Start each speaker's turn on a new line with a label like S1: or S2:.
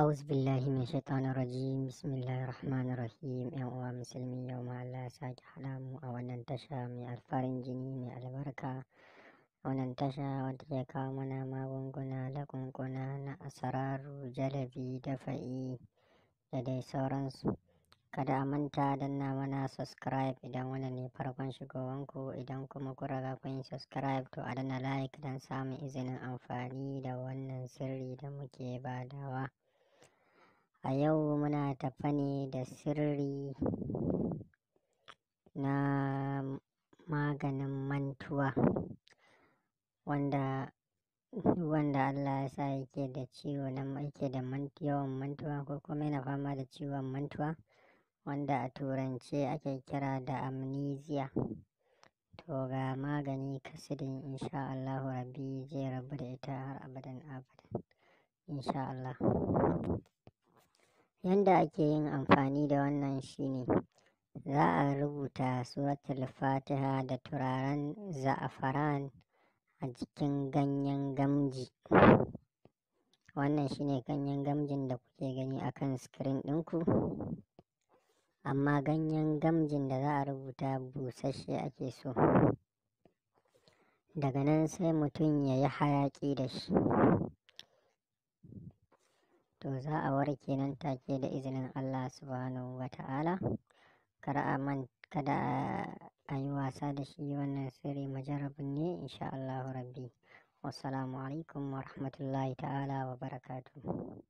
S1: A'uz billahi min shaitanar rajim bismillahir rahmanir rahim yan uwa musulmi yau ma Allah ya sake hada a wannan tasha mai alfarin jini mai albarka wannan tasha wadda ke kawo mana magunguna da na asararu jalabi dafa'i da dai sauransu kada a manta danna mana subscribe idan wannan ne farkon shigowanku idan kuma ku raga kun yi subscribe to a dana like don samun izinin amfani da wannan sirri da muke badawa A yau muna tafe ne da sirri na maganin mantuwa wanda wanda Allah ya sa yake da ciwo na yake da yawan mantuwa ko kuma yana fama da ciwon mantuwa wanda a turance ake kira da amnesia to ga magani kasidin insha Allahu Rabbi zai rabu da ita har abadan abadan insha Allah. Yanda ake yin amfani da wannan shi za a rubuta suratul fatiha da turaren za'afaran a jikin ganyen gamji. Wannan shine ganyen gamjin da kuke gani akan screen ɗinku, amma ganyen gamjin da za a rubuta busasshe ake so. Daga nan sai mutum yayi hayaƙi da shi. to za a warke nan take da izinin Allah subhanahu wa ta'ala kar a man kada a yi wasa da shi wannan sirri majarabin ne insha Allah rabbi wassalamu alaikum wa rahmatullahi ta'ala wa barakatuh